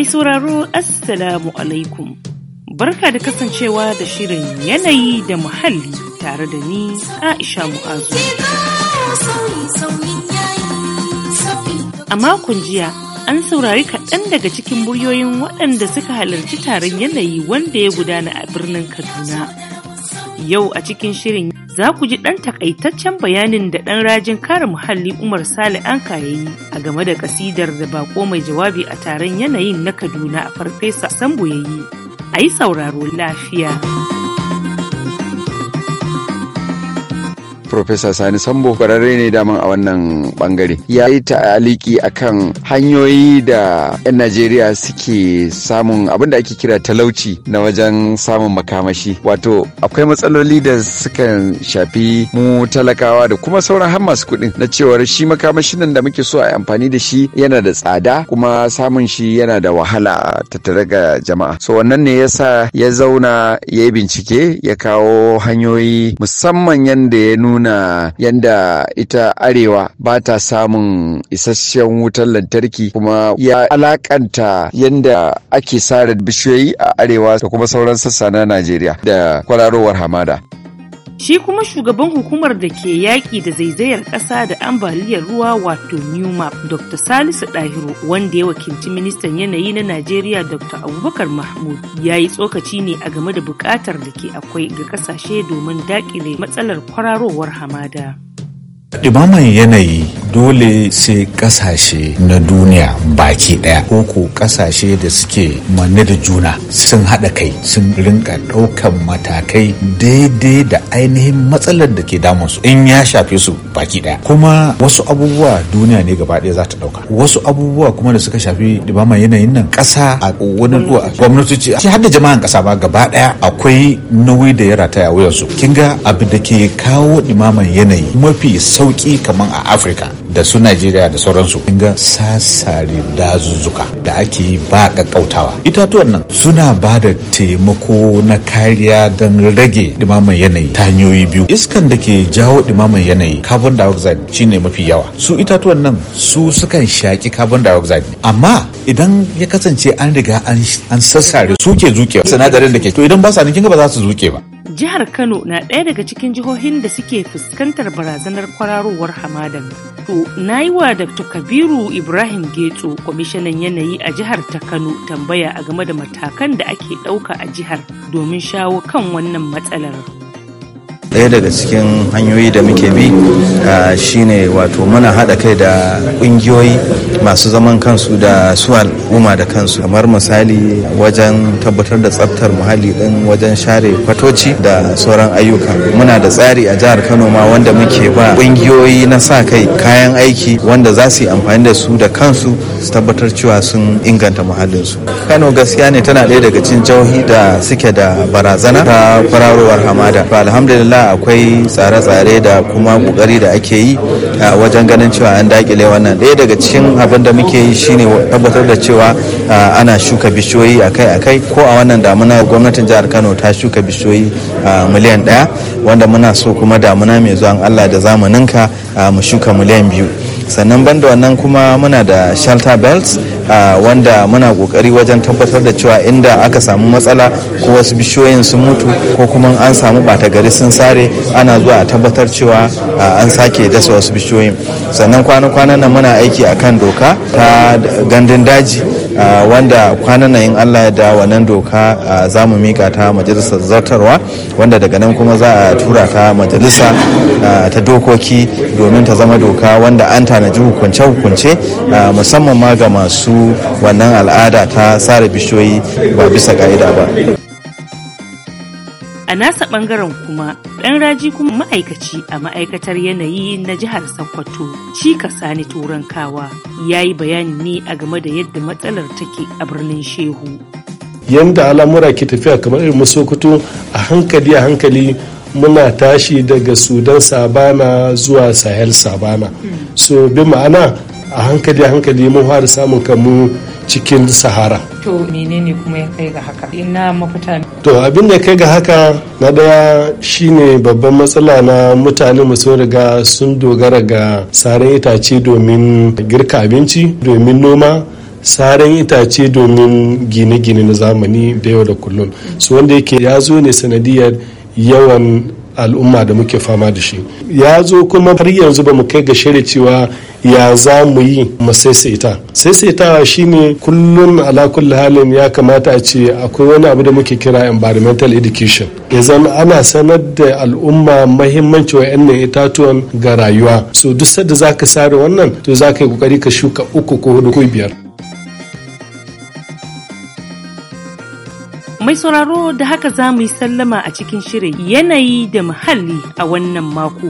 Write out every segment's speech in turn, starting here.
Mai sauraro Assalamu alaikum. Barka da kasancewa da shirin yanayi da muhalli tare da ni Aisha Mu'azu. A makon jiya an saurari kaɗan daga cikin muryoyin waɗanda suka halarci taron yanayi wanda ya gudana a birnin Kaduna. Yau a cikin shirin za ku ji ɗan takaitaccen bayanin da ɗan rajin kare muhalli Umar Sale Anka ya yi a game da kasidar da bako mai jawabi a taron yanayin na Kaduna a Farfesa Sambo ya yi. A yi sauraro lafiya. Profesa Sani Sambo kwararre ne daman a wannan bangare. Ya yi ta'aliki akan hanyoyi da 'yan Najeriya suke samun abin da ake kira talauci na wajen samun makamashi. Wato akwai matsaloli da suka shafi mu talakawa da kuma sauran har masu kuɗi. na cewar shi makamashin nan da muke so a amfani da shi yana da tsada kuma samun shi yana da wahala tattare ga jama'a. So wannan ne yasa ya zauna ya yi bincike ya kawo hanyoyi musamman yadda ya nuna nuna yanda ita arewa ba ta samun isasshen wutar lantarki kuma ya alakanta yanda ake sare bishiyoyi a arewa da kuma sauran sassa na najeriya da kwararowar hamada Shi kuma shugaban hukumar da ke yaƙi da zaizayar ƙasa da ambaliyar ruwa wato Map Dr. Salisu ɗahiru wanda ya wakilci ministan yanayi na Najeriya Dr. Abubakar Mahmud ya yi tsokaci ne a game da buƙatar da ke akwai ga ƙasashe domin daƙile matsalar kwararowar hamada. Ɗimaman yanayi dole sai ƙasashe na duniya baki ɗaya ko ko ƙasashe da suke manne da juna sun haɗa kai sun rinka ɗaukan matakai daidai da ainihin matsalar da ke damunsu in ya shafe su baki ɗaya kuma wasu abubuwa duniya ne gaba ɗaya za ta ɗauka wasu abubuwa kuma da suka shafi ɗimaman yanayin nan ƙasa a wani gwamnatoci har da jama'an ƙasa ba gaba ɗaya akwai nauyi da ya rataya wuyansu kin ga abin da ke kawo ɗimaman yanayi mafi sauki kamar a afirka da su najeriya da sauransu ga sasare dazuzzuka da ake yi ba kakkautawa itatuwan nan suna ba da taimako na kariya don rage dimaman yanayi ta hanyoyi biyu iskan da ke jawo dimaman yanayi carbon dioxide shine mafi yawa su itatuwan nan su sukan shaki carbon dioxide amma idan ya kasance an riga an sassare su ke zuke sinadarin da ke to idan ba sa nan kinga ba za su zuke ba Jihar Kano na ɗaya daga cikin jihohin da suke fuskantar barazanar kwararowar hamadan. To, na yi wa Dr. Kabiru Ibrahim Getso, kwamishinan yanayi a jihar ta Kano tambaya a game da matakan da ake ɗauka a jihar domin shawo kan wannan matsalar. ɗaya daga cikin hanyoyi da muke bi shine wato muna haɗa kai da ƙungiyoyi masu zaman kansu da su al'umma da kansu kamar misali wajen tabbatar da tsaftar muhalli ɗin wajen share fatoci da sauran ayyuka muna da tsari a jihar kano ma wanda muke ba ƙungiyoyi na sa kai kayan aiki wanda za su yi amfani da su da kansu su tabbatar cewa sun inganta muhallinsu kano gaskiya ne tana daya daga cikin jauhi da suke da barazana ta kwararowar hamada alhamdulillah akwai tsare-tsare da kuma kokari da ake yi a wajen ganin cewa an dakile wannan ɗaya daga cikin abin da muke yi shine tabbatar da cewa ana shuka bishiyoyi akai-akai ko a wannan damuna gwamnatin jihar kano ta shuka bishiyoyi miliyan ɗaya wanda muna so kuma damuna mai zuwa allah da zamaninka mu shuka miliyan biyu sannan banda wannan kuma muna da shelter belts wanda muna kokari wajen tabbatar da cewa inda aka samu matsala ko wasu bishiyoyin sun mutu ko kuma an samu bata gari sun sare ana zuwa a tabbatar cewa an sake dasa wasu bishiyoyin sannan kwana-kwanan nan muna aiki akan doka ta gandun daji Ah, wanda kwanan nan in allah da wannan doka ah, za mu mika ta majalisar zartarwa wanda daga nan kuma za a tura ta majalisa ah, ta dokoki domin ta zama doka wanda an tanaji hukunce-hukunce musamman ma ga masu wannan al'ada ta sare bishiyoyi ba bisa ka'ida ba a nasa bangaren kuma ɗan raji kuma ma'aikaci a ma'aikatar yanayi na jihar sokoto cika sani turankawa ya yi bayani ne a game da yadda matsalar take a birnin shehu yanda al'amura ke tafiya kamar irin sokoto a hankali a hankali muna tashi daga sudan sabana zuwa sahel sabana hmm. so bi ma'ana a hankali a hankali mun fara samun kamu cikin sahara to menene kuma ya kai ga haka ina mafita to abin da kai ga haka na daya shine babban matsala na mutane mu sun riga sun dogara ga saran itace domin girka abinci domin noma saran itace domin gine-gine na zamani da yau da kullum su wanda yake ya zo ne sanadiyar yawan al'umma da muke fama da shi ya zo kuma har yanzu ba mu kai ga shirya cewa ya za mu yi mu saisaita saisaitawa shine kullum ala kulli halin ya kamata a ce akwai wani abu da muke kira environmental education Idan ana sanar da al'umma mahimmanci wa yan itatuwan ga rayuwa so duk sadda zaka sare wannan to zaka yi kokari ka shuka uku ko hudu ko biyar Mai sauraro da haka za mu yi sallama a cikin shirin yanayi da muhalli a wannan mako.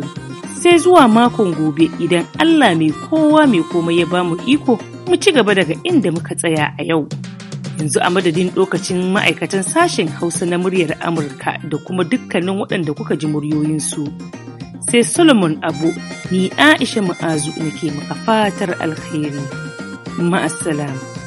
Sai zuwa makon gobe idan Allah mai kowa mai komai ya bamu iko mu ci gaba daga inda muka tsaya a yau. yanzu a madadin lokacin ma'aikatan sashen hausa na muryar amurka da kuma dukkanin waɗanda kuka ji muryoyinsu sai solomon abu ni aisha ma'azu nake maka fatar alkhairi ma'assalam